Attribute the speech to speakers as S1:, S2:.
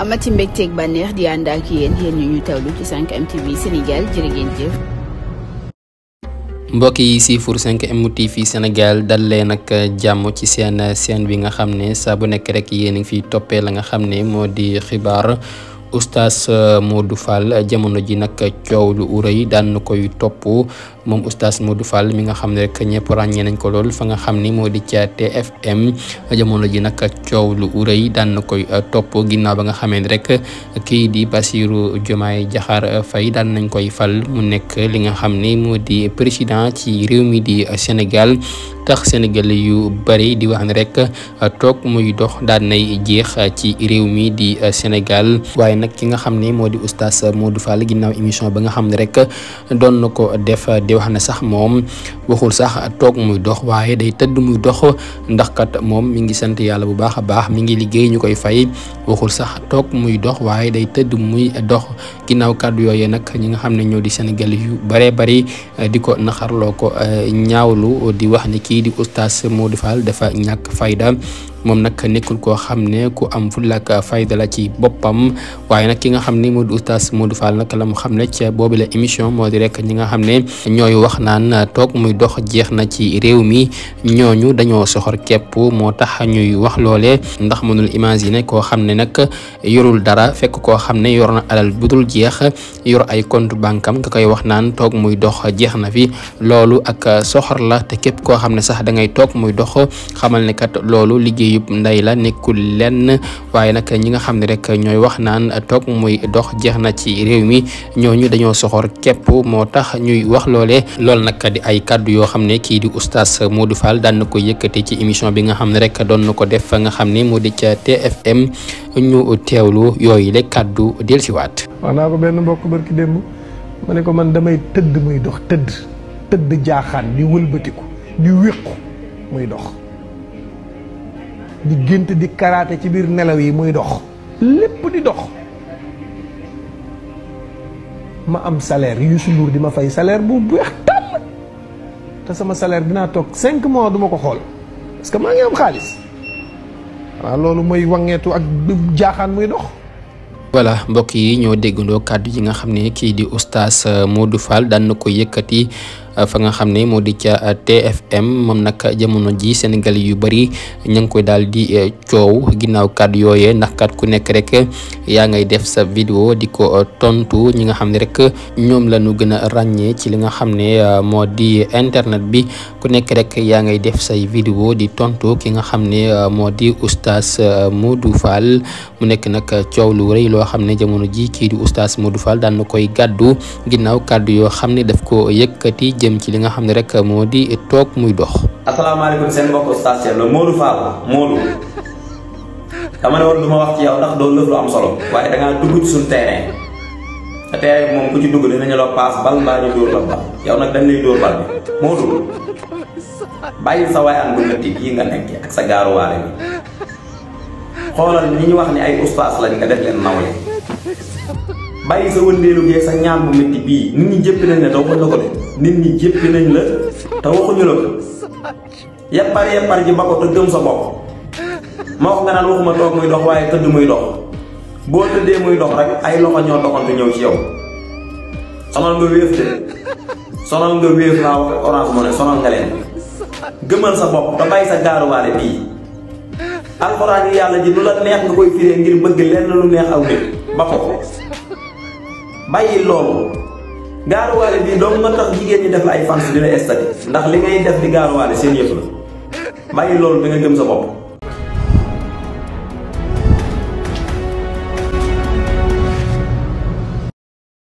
S1: amati mbégteeg bànneex di ànd ak yéen yéen ñu ñu tawlu ci 5M Sénégal jërë ngeen jëf. yi siifur 5M TV Sénégal dal ci seen seen bi nga xam ne saa bu nekk rek yéen a ngi fiy toppee la nga xam ne moo di xibaar. Oustaz Modou Fall jamono ji nag coow lu rëy daan na koy topp moom oustaz Modou Fall mi nga xam ne rek ñëpp ràññee nañ ko lool fa nga xam ni moo di ca TFM jamono ji nag coow lu rëy daan na koy uh, topp ginnaaw ba nga xamee rek kii di Bassirou Diomaye Diakhar Faye daan nañ koy fal mu nekk li nga xam ni moo di président ci réew mi di Sénégal tax Sénégal yu bari di wax rek uh, toog muy dox daan nay jeex ci réew mi di uh, Sénégal waaye nag ki nga xam ne moo di oustaz Modou Fall ginnaaw émission ba nga xam ne rek doon na ko def wax xam ne sax moom waxul sax toog muy dox waaye day tëdd muy dox ndax kat moom mu ngi sant yàlla bu baax a baax mi ngi liggéey ñu koy fay waxul sax toog muy dox waaye day tëdd muy dox ginnaaw kàddu yooyu nag ñi nga xam ne ñoo di Sénégal yu bare bari eh, di ko naxarloo ko eh, ñaawlu di wax ne kii di oustaz Modou Fall dafa ñàkk fayda moom nag nekkul koo xam ne ku am fullaak fayda la ci boppam waaye nag ki nga xam ne moo di oustaz Modou Fall nag la mu xam ne ca boobu la émission moo di rek ñi nga xam ne ñooy wax naan toog muy dox jeex na ci réew mi ñooñu dañoo soxor képp moo tax ñuy wax loole ndax mënul imaginer koo xam ne nag yorul dara fekk koo xam ne yor na alal bu dul jeex yor ay compte banque am koy wax naan toog muy dox jeex na fi loolu ak soxor la te képp koo xam ne sax da ngay toog muy dox xamal ne loolu liggéey liggéeyub ndey la nekkul lenn waaye nag ñi nga xam ne rek ñooy wax naan toog muy dox jeex na ci réew mi ñooñu dañoo soxoor képp moo tax ñuy wax loole loolu nag di ay kaddu yoo xam ne kii di moo Modou Fall daan na ko yëkkati ci émission bi nga xam ne rek doon na ko def nga xam ne moo di ca TFM ñu teewlu yooyu le kàddu dellusiwaat.
S2: wax naa ko benn mbokk barki démb ma ne ko man damay tëdd muy dox tëdd tëdd jaaxaan di wëlbatiku di wéqu muy dox. di gént di karaate ci biir nelaw yi muy dox lépp di dox ma am salaire Youssou Ndour di ma fay salaire bu weex tàll te sama salaire dinaa toog cinq mois duma ko xool parce maa ngi am xaalis waaw
S1: loolu mooy wangeetu ak
S2: jaaxaan muy dox
S1: voilà mbokk yi ñoo déggandoo kàddu yi nga xam ne kii di oustaz Modou Fall daan na ko yëkkati fa nga xam ne moo di ca uh, TFM moom nag jamono ji Sénégal yu bëri ña ngi koy daal di uh, coow ginnaaw kàddu yooye ndax kat ku nekk rek yaa ngay def sa vidéo di ko uh, tontu ñi nga xam ne rek ñoom la ñu gën a ràññee ci li nga xam ne moo di internet bi ku nekk rek yaa ngay def say vidéo di tontu ki nga xam ne moo di oustaz Modou Fall mu nekk nag coow lu rëy loo xam ne jamono ji kii di oustaz Modou Fall daan koy gàddu ginnaaw kàddu yoo xam ne daf ko yëkkati jëm li nga xam ne rek moo di toog muy dox.
S2: asalaamaaleykum seen mbokk Oustaz Thierno Modou Fall lu dama ne woon du ma wax ci yow ndax doo lëf lu am solo waaye da ngaa dugg ci suñu terrain te terrain moom ku ci dugg dinañu la paas bal mbaa ñu dóor la bal yow nag dañ lay dóor bal bi Modou bàyyi sa waay am bu métti yi nga nekk ak sa gaaruwaale bi xoolal ñi ñu wax ni ay ustaas lañ nga def leen nawle bàyyi sa wëndeelu geeg sa ñaan bu métti bii nit ñi jëpp ne doo nit ñi jéppi nañ la te waxuñu la ko yappar yappar ji ba ko te gëm sa bopp ma wax nga naan waxuma toog muy dox waaye tëdd muy dox boo tëddee muy dox rek ay loxo ñoo doxantu ñëw ci yow sonal nga wéef de nga wéef laa wax orange moo ne sonal nga leen sa bopp te bàyyi sa gaaruwaale bii alxuraan yàlla ji lu la neex nga koy firee ngir bëgg lenn lu neex aw nit ba ko bàyyi loolu gaaruwaale bii dong nga tax jigéen ñi def la ay fans di la estati ndax li ngay def di gaaruwaale seen yëf la bàyyi loolu da nga gëm sa bopp